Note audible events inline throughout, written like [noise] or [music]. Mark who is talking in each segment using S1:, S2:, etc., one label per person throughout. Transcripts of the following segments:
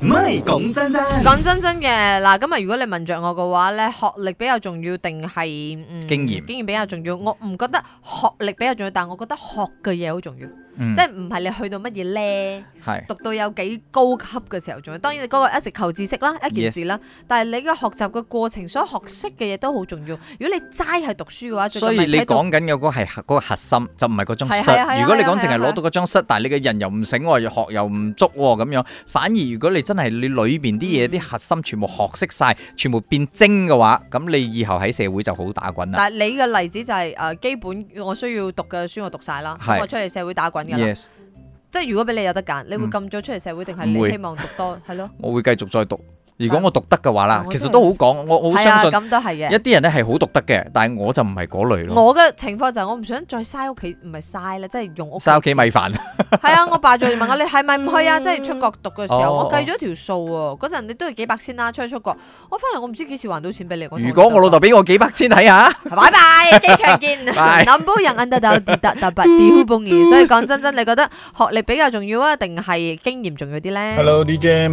S1: 唔係
S2: 講真真講真真嘅嗱，今日如果你問着我嘅話咧，學歷比較重要定係嗯，經驗經驗比較重要？我唔覺得學歷比較重要，但係我覺得學嘅嘢好重要，即係唔係你去到乜嘢叻，係讀到有幾高級嘅時候重要。當然你嗰個一直求知識啦，一件事啦，但係你嘅學習嘅過程所學識嘅嘢都好重要。如果你齋係讀書嘅話，所以你講
S1: 緊嘅嗰個係嗰個核心就唔係嗰張室。如果你講淨係攞到嗰張室，但係你嘅人又唔醒喎，又學又唔足喎咁樣，反而如果你。真係你裏邊啲嘢，啲、嗯、核心全部學識晒，全部變精嘅話，咁你以後喺社會就好打滾啦。但係
S2: 你嘅例子就係、是、誒、呃，基本我需要讀嘅書我讀晒啦，是我出嚟社會打滾噶啦。Yes. 即係如果俾你有得揀，你會咁早出嚟社會，定係、嗯、你希望讀多？係咯，我
S1: 會繼續再讀。如果我讀得嘅話啦，其實都好講，我好相信咁，都係嘅，一啲人咧係好讀得嘅，但係我就唔係嗰類咯。我
S2: 嘅情況就係我唔想再嘥屋企，唔係嘥啦，即係用
S1: 屋企米飯。
S2: 係啊，我爸再問我，你係咪唔去啊？即係出國讀嘅時候，我計咗條數嗰陣，你都要幾百千啦，出去出國，我翻嚟我唔知幾時還到錢俾你。如果我
S1: 老豆俾我幾百千，睇下，
S2: 拜拜，機場見。所以講真真，你覺得學歷比較重要啊定係經驗重要啲咧？hello
S3: dj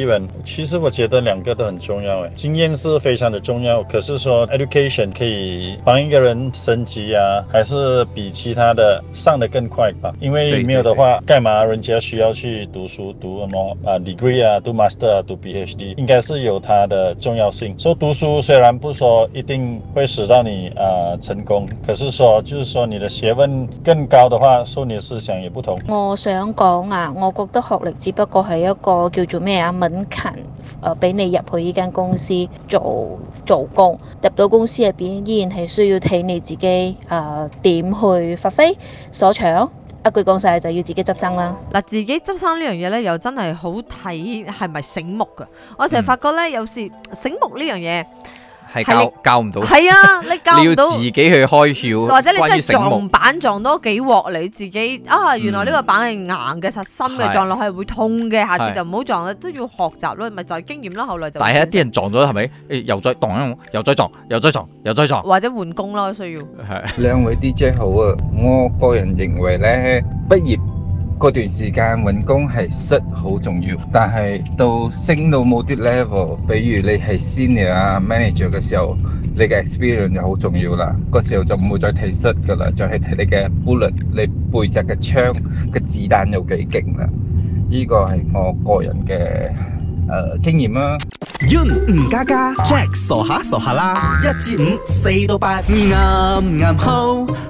S3: 你好其實我覺得兩個都很重要誒，經驗是非常的重要，可是說 education 可以幫一個人升級啊，還是比其他的上得更快吧？因為沒有的話，對對對，幹嘛人家需要去讀書讀什麼啊，uh, degree 啊，讀 master 啊，讀 PhD，應該是有它的重要性。說，so，讀書雖然不說一定會使到你啊，uh，成功，可是說就是說你的學問更高的話，說，so，你的思想也不
S2: 同。我想講啊，我覺得學歷只不過係一個叫做咩啊勤，誒，俾你入去呢間公司做做工，入到公司入邊依然係需要睇你自己，誒、呃，點去發揮所長。一句講晒，就要自己執生啦。嗱，自己執生呢樣嘢呢，又真係好睇係咪醒目噶。我成日發覺呢，嗯、有時醒目呢樣嘢。係教
S1: 教唔到，係你啊！你教唔到， [laughs] 你要自己去開竅，或者你真係撞
S2: 板撞多幾鑊，你自己啊，原來呢個板係硬嘅，實心嘅，嗯、撞落去會痛嘅，下次就唔好撞啦，都要學習咯，咪就係經驗咯，後來就。但係一啲人
S1: 撞咗係咪？誒、欸，又再撞，又再撞，又再撞，又再撞。
S2: 或者換工咯，需要。
S1: 係兩是位 DJ 好啊！我個人認為咧，畢業。嗰段時間揾工係識好重要，但係到升到某啲 level，比如你係 senior 啊 manager 嘅時候，你嘅 experience 就好重要啦。嗰時候就唔會再睇識㗎喇，就係睇你嘅 bullet，你背脊嘅槍嘅子彈有幾勁啦。呢個係我個人嘅誒經驗啦。You 吳家家，Jack 傻下傻下啦，一至五，四到八，啱啱好。